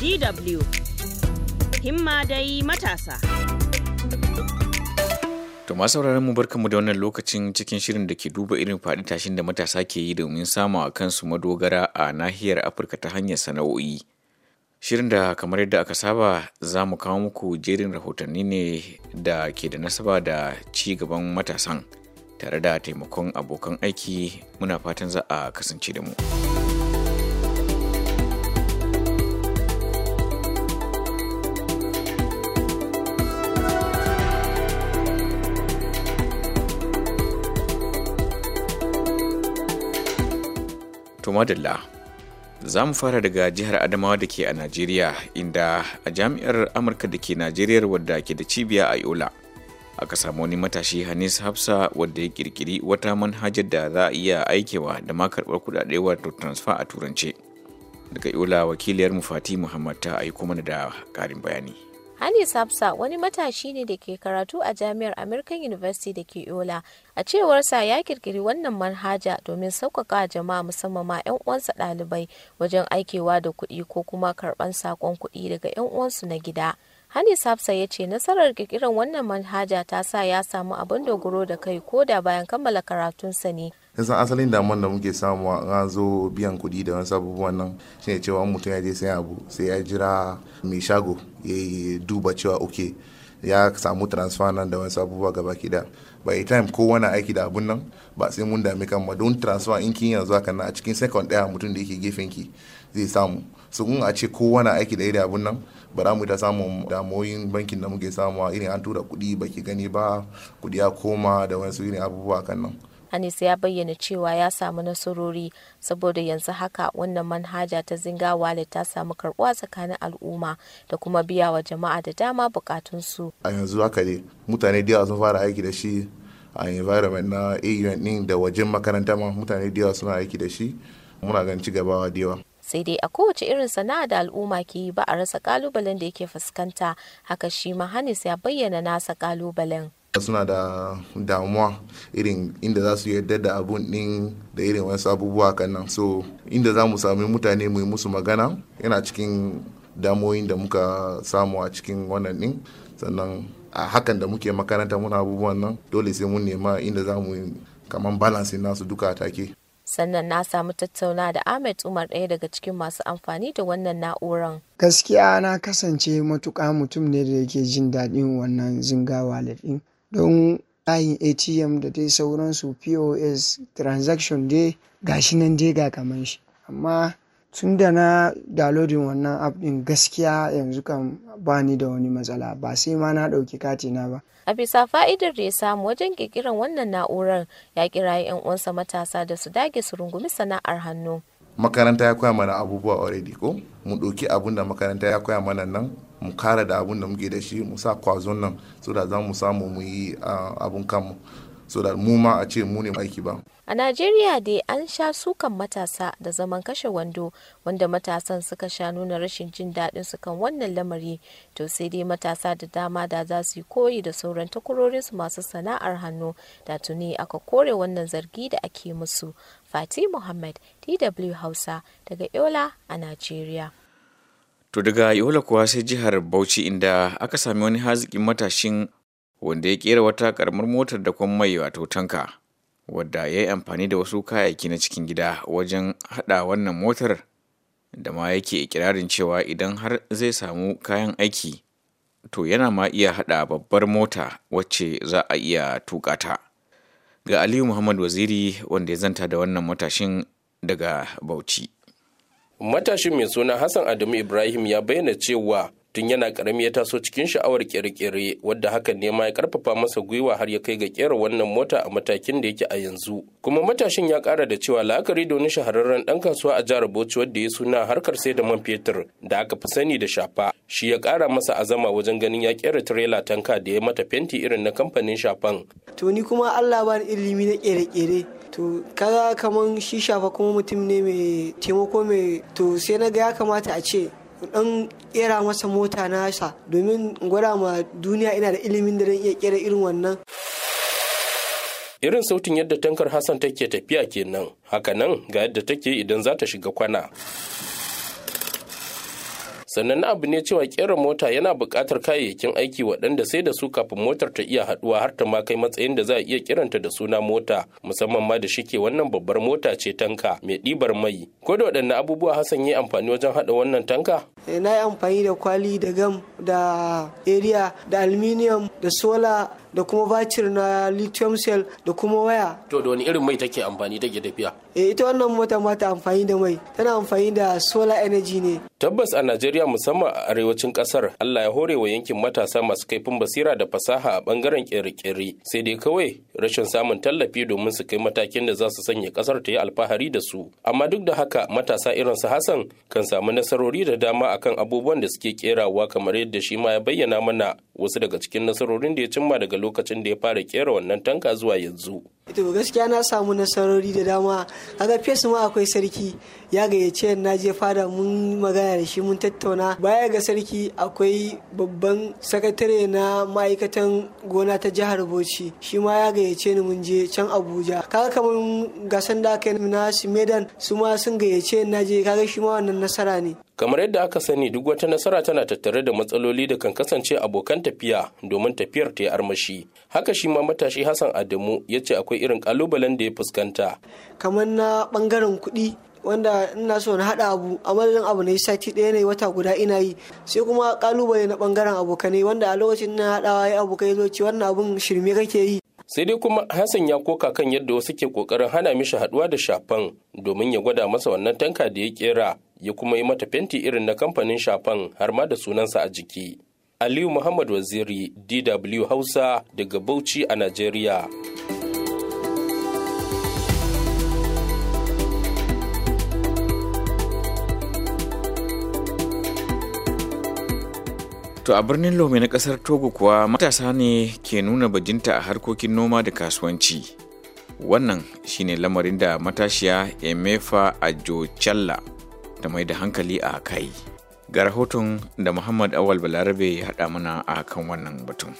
DW himma dai matasa. To masu sauraron mu barkanmu da wannan lokacin cikin shirin da ke duba irin faɗi tashin da matasa ke yi domin samu a kansu madogara a nahiyar Afirka ta hanyar sana'o'i. Shirin da kamar yadda aka saba za mu kawo muku jerin rahotanni ne da ke da nasaba da ci gaban matasan tare da taimakon abokan aiki muna fatan za a kasance da mu. To madalla, za mu fara daga jihar Adamawa da ke a Najeriya inda a jami'ar Amurka da ke Najeriya wadda ke da cibiya a Yola. Aka samu wani matashi Hanis Hafsa wadda ya kirkiri wata manhajar da za a iya aikewa da ma karɓar kuɗaɗe wato transfer a turance. Daga Yola wakiliyar mu Fati Muhammad ta aiko mana da ƙarin bayani. Hani sapsa wani matashi ne da ke karatu a jami'ar American University da ke Yola. A cewarsa ya kirkiri wannan manhaja domin sauƙaƙa jama'a musamman ma 'yan uwansa ɗalibai wajen aikewa da kuɗi ko kuma karɓan saƙon kuɗi daga 'yan uwansu na gida. Hani sapsa ya ce nasarar kirkirar wannan manhaja ta sa ya samu abin dogaro da kai ko da bayan kammala karatunsa ne san asalin damuwan da muke samu a zo biyan kudi da wasu abubuwan nan shine cewa mutum ya je sai abu sai ya jira mai shago ya duba cewa ok ya samu transfer nan da wasu abubuwa gaba ba by time ko wani aiki da abun nan ba sai mun dami kan ma don transfer in kin yanzu haka na a cikin second daya mutum da yake gefen ki zai samu su kun a ce ko wani aiki da iri abun nan ba za mu ta samun damoyin bankin da muke samu irin an tura kudi ba baki gani ba kudi ya koma da wasu irin abubuwa kan nan hanis ya bayyana cewa ya samu nasarori saboda yanzu haka wannan manhaja ta Zinga Wallet ta samu karbuwa tsakanin al'umma da kuma biya wa jama'a da dama bukatunsu. A yanzu haka ne mutane da sun fara aiki da shi a environment na AUN din da wajen makaranta ma mutane da yawa suna aiki da shi muna ganin ci da yawa. sai dai a kowace irin sana'a da al'umma ke yi ba a rasa kalubalen da yake fuskanta haka shi ma hanis ya bayyana nasa kalubalen suna da damuwa irin inda za su yarda da abun din da irin wasu abubuwa kan nan so inda za mu sami mutane mu yi musu magana yana cikin damoyin da muka samu a cikin wannan din sannan a hakan da muke makaranta muna abubuwan nan dole sai mun nema inda za mu kaman balansin nasu duka a take sannan na samu tattauna da Ahmed Umar ɗaya daga cikin masu amfani da wannan na'uran. Gaskiya na kasance matuƙa mutum ne da yake jin daɗin wannan zinga wallet ɗin don ayin ATM da dai sauransu POS transaction dai gashi nan dai ga kaman shi. Amma tun da na downloading wannan app din gaskiya yanzu kan bani da wani matsala ba sai ma na ɗauki katina ba. A bisa fa'idar da ya samu wajen ƙirƙirar wannan na'urar ya kira 'yan uwansa matasa da su dage su rungumi sana'ar hannu. Makaranta ya koya mana abubuwa already ko? Mu ɗauki abun da makaranta ya koya mana nan mu kara da abun da muke da shi mu sa kwazon nan so da za mu samu mu yi abun kanmu so da mu ma a ce mu ne aiki ba. A Najeriya dai an sha sukan matasa da zaman kashe wando wanda matasan suka sha nuna rashin jin daɗin su kan wannan lamari to sai dai matasa da dama da za su yi koyi da sauran takwarorin su masu sana'ar hannu da tuni aka kore wannan zargi da ake musu. Fati Muhammad DW Hausa daga Yola a Najeriya. To daga Yola kuwa sai jihar Bauchi inda aka sami wani haziƙin matashin wanda ya kera wata karamar motar da kwan mai wato tanka wadda ya yi amfani da wasu kayayyaki na cikin gida wajen haɗa wannan motar da ma yake ikirarin cewa idan har zai samu kayan aiki to yana ma iya haɗa babbar mota wacce za a iya tuƙa ta. Ga Aliyu Muhammad Waziri wanda ya zanta da wannan matashin daga Bauchi. matashin mai suna hassan adamu ibrahim ya bayyana cewa tun yana karami ya taso cikin sha'awar kere-kere wadda hakan ne ma ya karfafa masa gwiwa har ya kai ga kera wannan mota a matakin da yake a yanzu kuma matashin ya kara da cewa la'akari da wani shahararren dan kasuwa a jihar bauchi wadda ya suna harkar sai da man fetur da aka fi sani da shafa shi ya kara masa azama wajen ganin ya kera tirela tanka da ya mata fenti irin na kamfanin shafan to ni kuma allah bani ilimi na kere-kere to kaga kaman shi shafa kuma mutum ne mai taimako mai to sai na ga ya kamata a ce dan kera masa mota nasa domin gwada ma duniya ina da ilimin da zan iya kera irin wannan irin sautin yadda tankar hassan take tafiya kenan hakanan ga yadda take idan za ta shiga kwana sannan abu ne cewa kera mota yana buƙatar kayayyakin aiki waɗanda sai da su kafin motar ta iya haɗuwa har ta ma kai matsayin da za a iya kiranta da suna mota musamman ma da shike wannan babbar mota ce tanka mai ɗibar mai ko da waɗanne abubuwa Hassan ya amfani wajen haɗa wannan tanka eh, na yi amfani da kwali da gam da area da aluminium da sola da kuma bacir na lithium cell da kuma waya to da wani irin mai take amfani ke tafiya eh ita wannan mota ma ta amfani da mai tana amfani da solar energy ne tabbas a Najeriya musamman a arewacin kasar Allah ya hore wa yankin matasa masu kaifin basira da fasaha a bangaren kere sai dai kawai rashin samun tallafi domin su kai matakin da za su sanya kasar ta yi alfahari da su amma duk da haka matasa irin su Hassan kan samu nasarori da dama akan abubuwan da suke kerawa kamar yadda shi ma ya bayyana mana wasu daga cikin nasarorin da ya cimma daga lokacin da ya fara kera wannan tanka zuwa yanzu. to gaskiya na samu nasarori da dama kaga fes ma akwai sarki ya gayyace na je fada mun magana da shi mun tattauna baya ga sarki akwai babban sakatare na ma'aikatan gona ta jihar Bauchi shi ma ya gayyace ni mun je can Abuja kaga kamar gasan da aka yi na Medan su ma sun gayyace na je kaga shi ma wannan nasara ne kamar yadda aka sani duk wata nasara tana tattare da matsaloli da kan kasance abokan tafiya domin tafiyar ta yi armashi haka shi ma matashi hassan adamu ya ce akwai irin kalubalen da ya fuskanta kamar na bangaren kuɗi wanda ina so na haɗa abu a madadin abu ne sati ɗaya ne wata guda ina yi sai kuma kalubale na bangaren abokanai wanda a lokacin na haɗawa ya abokai zo ci wannan abun shirme kake yi sai dai kuma hassan ya koka kan yadda wasu ke kokarin hana mishi haduwa da shafan domin ya gwada masa wannan tanka da ya kera ya kuma yi mata fenti irin na kamfanin shafan har ma da sunansa a jiki aliyu muhammad waziri dw hausa daga bauchi a najeriya To a birnin Lome na kasar Togo kuwa matasa ne ke nuna bajinta a harkokin noma da kasuwanci. Wannan shine lamarin da matashiya Emefa Ajochalla da mai da hankali a kai. Ga rahoton da Muhammad Awal Balarabe ya haɗa mana a kan wannan batun.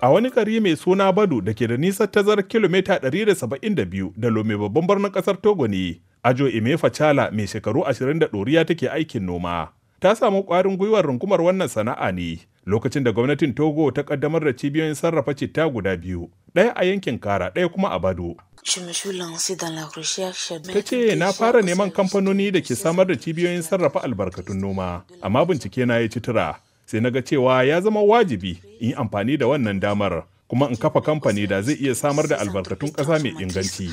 A wani kari mai suna Badu da ke da nisan tazar kilomita 172 da Lome babban birnin kasar Togo ne, Ajo Emefa Chala mai shekaru 20 da ɗoriya take aikin noma. ta samu ƙwarin gwiwar rungumar wannan sana'a ne lokacin da gwamnatin Togo ta kaddamar da cibiyoyin sarrafa citta guda biyu, ɗaya a yankin Kara, ɗaya kuma a Bado. Ta ce na fara neman kamfanoni da ke samar da cibiyoyin sarrafa albarkatun noma, amma bincike na ya ci tura, sai na ga cewa ya zama wajibi in amfani da wannan damar. kuma in kafa kamfani da zai iya samar da albarkatun ƙasa mai inganci.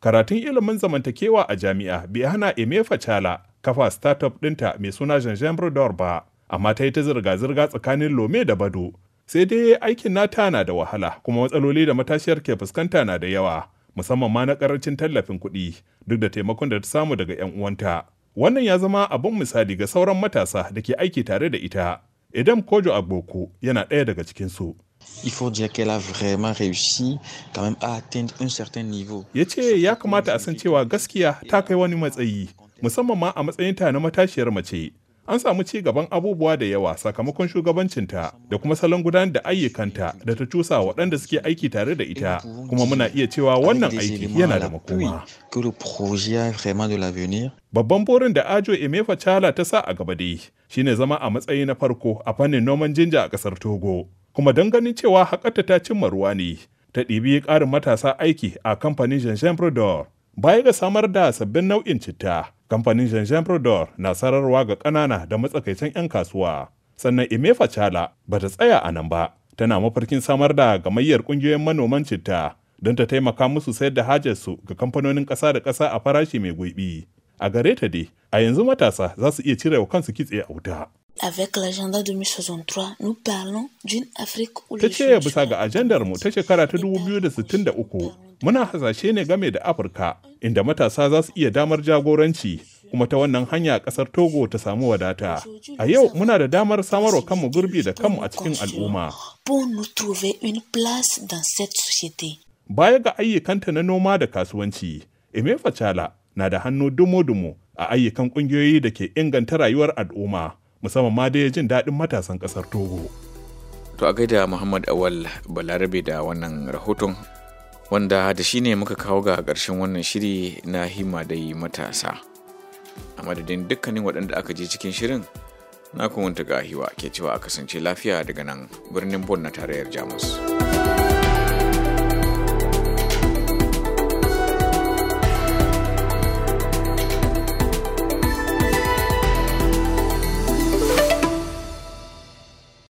karatun ilimin zamantakewa a jami'a bai hana emefa chala kafa startup ɗinta mai suna jean brodor ba amma ta yi ta zirga-zirga tsakanin lome da bado sai dai aikin nata na da wahala kuma matsaloli da matashiyar ke fuskanta na da yawa musamman ma na karancin tallafin kuɗi duk da taimakon da ta samu daga 'yan uwanta wannan ya zama abin misali ga sauran matasa da ke aiki tare da ita idan kojo agboko yana ɗaya daga cikinsu il faut dire qu'elle a vraiment réussi quand même à atteindre un certain niveau. Ya ce ya kamata a san cewa gaskiya ta kai wani matsayi, musamman ma a matsayinta na matashiyar mace. An samu ci gaban abubuwa da yawa sakamakon shugabancinta da kuma salon gudanar da ayyukanta da ta cusa waɗanda suke aiki tare da ita, kuma muna iya cewa wannan aiki yana da makoma. Babban burin da Ajo Emefa Chala ta sa a gaba dai shine zama a matsayi na farko a fannin noman jinja a ƙasar Togo. kuma don ganin cewa haƙarta ta cimma ruwa ne ta ɗibi ƙarin matasa aiki a kamfanin Jean Prodor. Baya ga samar da sabbin nau'in citta, kamfanin Jean Prodor na sararwa ga ƙanana da matsakaicin 'yan kasuwa. Sannan Imefa Chala ba ta tsaya a nan ba, tana mafarkin samar da gamayyar ƙungiyoyin manoman citta don ta taimaka musu sayar da hajarsu ga kamfanonin ƙasa da ƙasa a farashi mai gwiɓi. A gare ta dai, a yanzu matasa za su iya cire wa kansu kitse a wuta. Avec l'agenda 2063, nous parlons d'une Afrique où Ta ce bisa ga ajandar mu ta shekara ta 2063, muna hasashe ne game da Afirka inda matasa za su iya damar jagoranci kuma ta wannan hanya ƙasar Togo ta samu wadata. A yau muna da damar samarwa kanmu gurbi da kanmu a cikin al'umma. Baya ga ayyukanta na noma da kasuwanci, Eme Fachala na da hannu dumo-dumo a ayyukan ƙungiyoyi da ke inganta rayuwar al'umma. musamman ma dai jin daɗin matasan ƙasar togo to a gaida muhammad awal balarabe da wannan rahoton wanda da shi ne muka kawo ga ƙarshen wannan shiri na hima dai matasa a madadin dukkanin waɗanda aka je cikin shirin na kuma ga hiwa ke cewa a kasance lafiya daga nan birnin bon na tarayyar jamus.